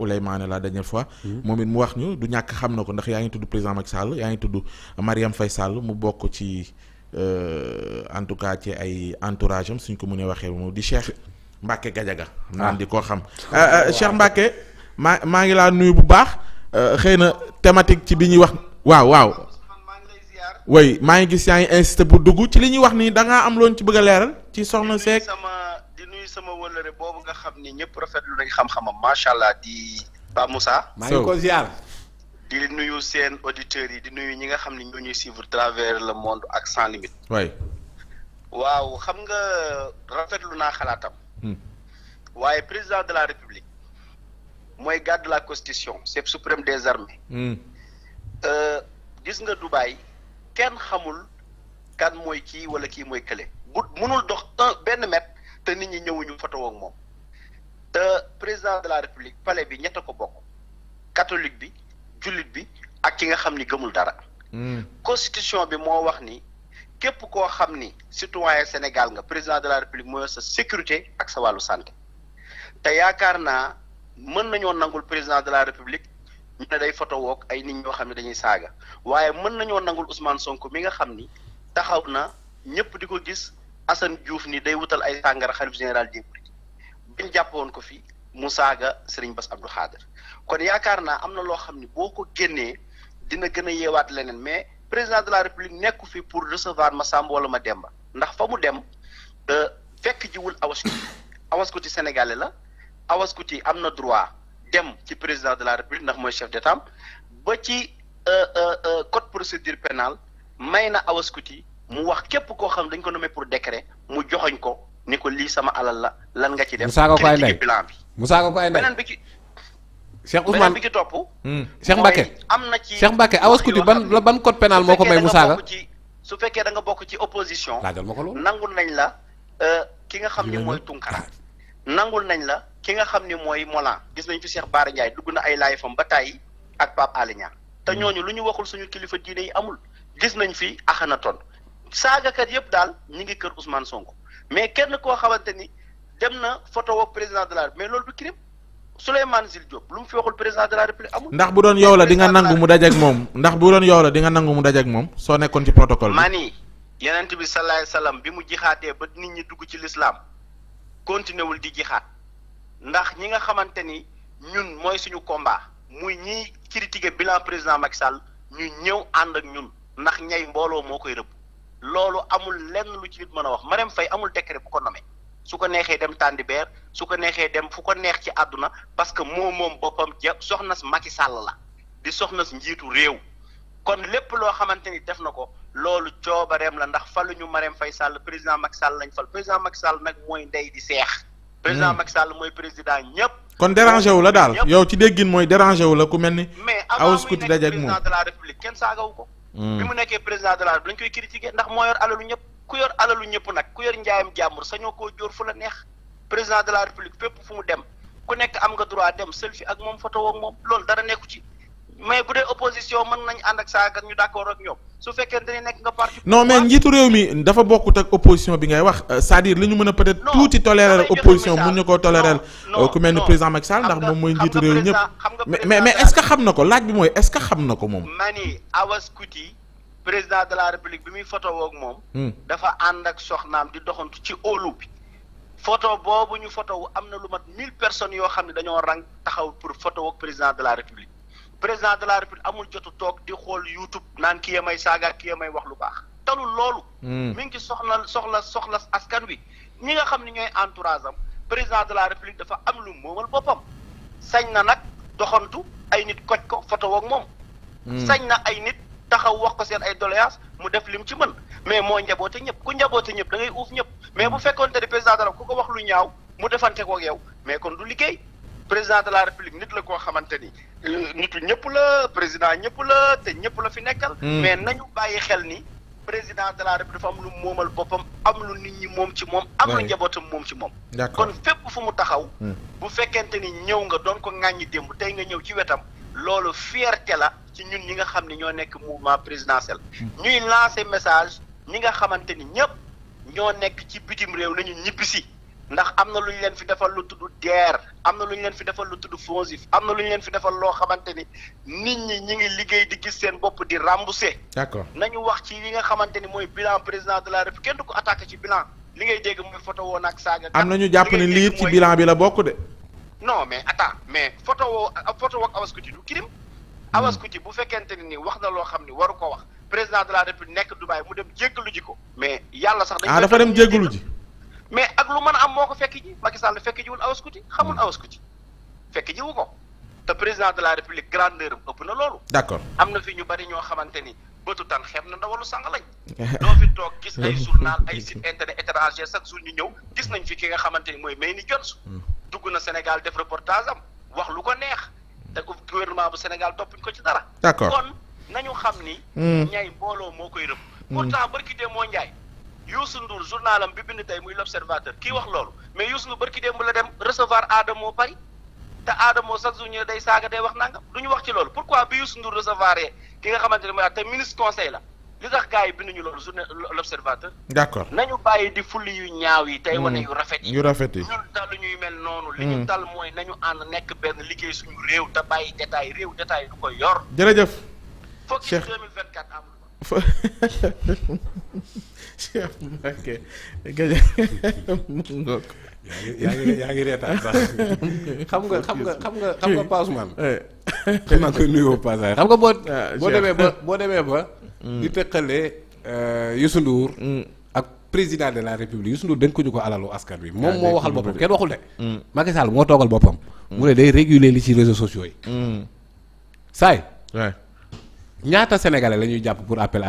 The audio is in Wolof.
Ouleymane la dernière fois. Hmm. moom it mu wax ñu du ñàkk xam na ko ndax yaa ngi tudd président Macky Sall yaa ngi tudd Mariam Faye Sall mu bokk ci euh, en tout cas ci ay entourage suñ ko mënee waxee moom di Cheikh Mbacke Gadiaga. Ah. naan di koo xam. Ah. Euh, euh, Cheikh Mbacke maa maa ngi laa nuyu bu baax xëy na thématique ci bi ñuy wax. waaw waaw. way maa ngi gis yaa ngi insisté pour dugg ci li ñuy wax nii da ngaa am loon ci bëgg leeral ci soxna Seck. nuyu sama wëllëre boobu nga xam ni ñëpp lu nañ xam-xamam macha allah di Pa Moussa. maa ngi ko ziar. di nuyu seen auditeurs yi di nuyu ñi nga xam ni ñoo ñuy travers le monde ak sans limite. waay. waaw xam nga rafetlu naa xalaatam. Hmm. waaye président de la république. mooy garde de la constitution chef suprême des armées. Hmm. Euh, gis nga Dubaï kenn xamul kan mooy kii wala kii mooy kële. bu munul dox benn mètre te nit ñi ñëwuñu photo ak moom te président de la république pale bi ñett ko bokk catholique bi jullit bi ak ki nga xam ni gëmul dara hmm. constitution bi moo wax ni képp koo xam ni citoyen Sénégal nga président de la république mooy sa sécurité ak sa wàllu santé te yaakaar naa mën nañoo nangul président de la république ñu ne day photo ay nit ñoo xam ne dañuy saaga waaye mën nañoo nangul Ousmane sonk mi nga xam ni taxaw na ñëpp di ko gis Assane Diouf ni day wutal ay sàngara xalif général des mourides bañ jàpp woon ko fi mu saaga Serigne Bass Abdou Khader kon yaakaar naa am na loo xam ne boo ko génnee dina gën a yeewaat leneen mais président de la république nekku fi pour recevoir ma Samba wala ma Demba ndax fa mu dem fekk jiwul Awaskuti Awaskuti sénégalais la Awaskuti am na droit dem ci président de la république ndax mooy chef d'état ba ci euh, euh, euh, code procédure pénale may na Awaskuti mu wax képp koo xam dañ ko nommé pour décret mu joxoñ ko ni ko lii sama alal la lan nga ci def. Moussa Gokay Ndeye bilan bi. Moussa Gokay Ndeye beneen bi ci. Cheikh Ousmane bi ci topp. Hmm. Cheikh Mbacke am na ci seex Mbacke Awas Kuti ban la ban code pénal moo ko may Moussa Ga. su fekkee da nga bokk ci opposition. laajal ma ko loolu nangul nañ la euh, ki nga xam ni mooy Tunkara nangul nañ la ki nga xam ni mooy Molan gis nañ fi Cheikh Bara Ndiaye dugg na ay laay fam ba tàyyi ak Pape Alé te hmm. ñooñu lu ñu waxul suñu kilifa diine yi amul gis nañ fi Akhenaton saagakat yëpp daal ñu ngi kër Ousmane Sonko mais kenn koo xamante ni dem na photo woo président de la mais loolu du crime Souleymane Jules Diop lu mu fi waxul président de la République amul. ndax bu doon yow la dinga nga nangu mu dajeeg moom ndax bu doon yow la di nga nangu mu dajeeg moom soo nekkoon ci protocole bi. mani yenent bi salaay salaam bi mu jixaatee ba nit ñi dugg ci lislaam continué wul di jixaat ndax ñi nga xamante ni ñun mooy suñu combat muy ñiy critiquer bilan président Macky Sall ñu ñëw ànd ak ñun ndax ñay mbooloo moo koy rëbb. loolu amul lenn lu ci nit mën a wax Marème fay amul décret bu ko nommé su ko neexee dem tàndibeer su ko neexee dem fu ko neex ci àdduna parce que moo moom boppam soxna soxnas Macky Sall la di soxnas njiitu réew kon lépp loo xamante ni def na ko loolu coobareem la ndax ñu Marème fay Sall président Macky Sall lañ fal président Macky Sall nag mooy ndey di seex président hmm. Macky Sall mooy président ñëpp kon dérangé wu la daal yow ci déggin mooy dérangé wu la ku mais avant muy la république kenn saagawu ko Mm. bi mu nekkee président de la République dañ koy critiquer ndax moo yor alalu ñëpp ku yor alalu ñëpp nag ku yor njaayam jàmbur sañoo koo jóor fu la neex président de la République fépp fu mu dem ku nekk am nga droit dem selfie ak moom photo ak moom loolu dara nekku ci mais bu dee opposition mën nañ ànd ak saaga ñu d'accord ak ñoom su fekkente ni nekk nga mais njiitu réew mi dafa bokkut ak opposition bi ngay wax euh, c'est-à-dire ñu mën a peut-être. tuuti tolérer opposition mun ñu ko tolérer euh, ku mel ni président Macky Sall ndax moom mooy njiitu réew ñëpp. mais mais est xam na ko laaj bi mooy est xam na ko moom. mani Awas Kuti président de la république bi muy photo woog moom. Hmm. dafa ànd ak soxnaam di doxantu ci óolu bi. photo boobu ñu photo wu am na lu mat mille personnes yoo xam ne dañoo rang taxaw pour photo woog président de la république. président de la république amul jotu toog di xool youtube naan kii may saaga kii may wax lu baax talul loolu hmm. mi ngi ci soxla soxla soxla askan wi ñi nga xam ni ñooy entourage am président de la république dafa am lu moomal boppam sañ na nag doxantu ay nit koj ko foto ak moom hmm. sañ na ay nit taxaw wax ko seen ay doléance mu def lim ci mën mais moo njaboote ñëpp ku njaboote ñëpp da ngay uuf ñëpp mais bu fekkoonte ne président de la ku ko wax lu ñaaw m defante ko yow mais kon du liggéey président de la république nit la koo xamante ni euh, nitu ñëpp la président ñëpp la te ñëpp la fi nekkal. Hmm. mais nañu bàyyi xel ni président de la république dafa am lu moomal boppam am lu nit ñi moom ci moom. am lu njabootam moom ci moom. kon fépp fu mu taxaw. Hmm. bu fekkente ni ñëw nga doon ko ŋàññi démb tey nga ñëw ci wetam loolu fierte la ci ñun ñi nga xam ni ñoo nekk mouvement présidentiel. Hmm. ñuy lancer message ñi nga xamante ni ñëpp ñoo nekk ci bitim réew nañu ñibbisi. ndax am na lu ñu leen fi defal lu tudd DER am na lu ñu leen fi defal lu tudd FONGIF am na lu ñu leen fi defal loo xamante ni nit ñi ñu ngi liggéey di gis seen bopp di remboursé. d'accord nañu wax ci yi nga xamante ni mooy bilan président de la République kenn du ko attaqué ci bilan li ngay dégg mooy photo woon ak saaga. am na ñu jàpp ni lii ci bilan bi la bokk de. non mais attends mais photo woo photo woo ak Awas Kuti du crime. Hmm. Awas Kuti bu fekkente ne ni wax na loo xam ni waru ko wax président de la République nekk mu dem jéggalu ji ko. mais yàlla sax dañu. ah dafa dem jéggalu ji. mais ak lu mën am moo ko fekk ji Macky Sall fekk jiwul awaskuti xamul hmm. awaskuti fekk jiwu ko te président de la république grandeur ëpp na loolu. d'accord am na fi ñu bari ñoo xamante ni bëtu tan xeeb na ndawalu sang lañ. doo fi toog gis ay journal ay site internet étranger chaque jour ñu ñëw gis nañ fi ki nga xamante ni mooy Mayni Jones. Hmm. dugg na Sénégal def reportage am wax lu ko neex te gouvernement bu Sénégal toppuñ ko ci dara. d'accord na nañu xam ni. ñay hmm. mbooloo moo koy rëbb. pourtant barki de moo njaay. Youssou Ndour journalam bi bind tey muy l'observateur kii wax loolu mais Youssou Ndour barki démb la dem recevoir Adamo Paris te Adamo chaque jour ñu day saaga day wax nangam du ñu wax ci loolu pourquoi bi Youssou Ndour recevoir ki nga xamante ne mooy te ministre conseil la li tax gars yi binduñu loolu journée l'observateur. d'accord nañu bàyyi di fulli yu ñaaw yi. tey hmm. wane yu rafet yi yu rafet yi. ñun daal ñuy mel noonu. li ñu dal hmm. mooy nañu ànd am. Cheikh yaa ngi yaa ngi xam nga xam nga xam nga xam nga paas man. xam naa nuyoo paas xam nga boo. boo demee ba boo demee ba. di tëqale Youssou Ndour. ak président de la république Youssou Ndour dénkuñu ko alalu askan bi moom moo waxal boppam kenn waxul de. Macky Sall moo toogal boppam. mu ne day réguler li ci réseaux sociaux yi. saay. ñaata sénégalais la ñuy jàpp pour appel à